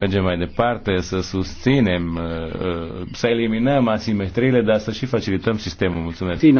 mergem mai departe, să susținem, uh, uh, să eliminăm asimetriile, dar să și facilităm sistemul. Mulțumesc!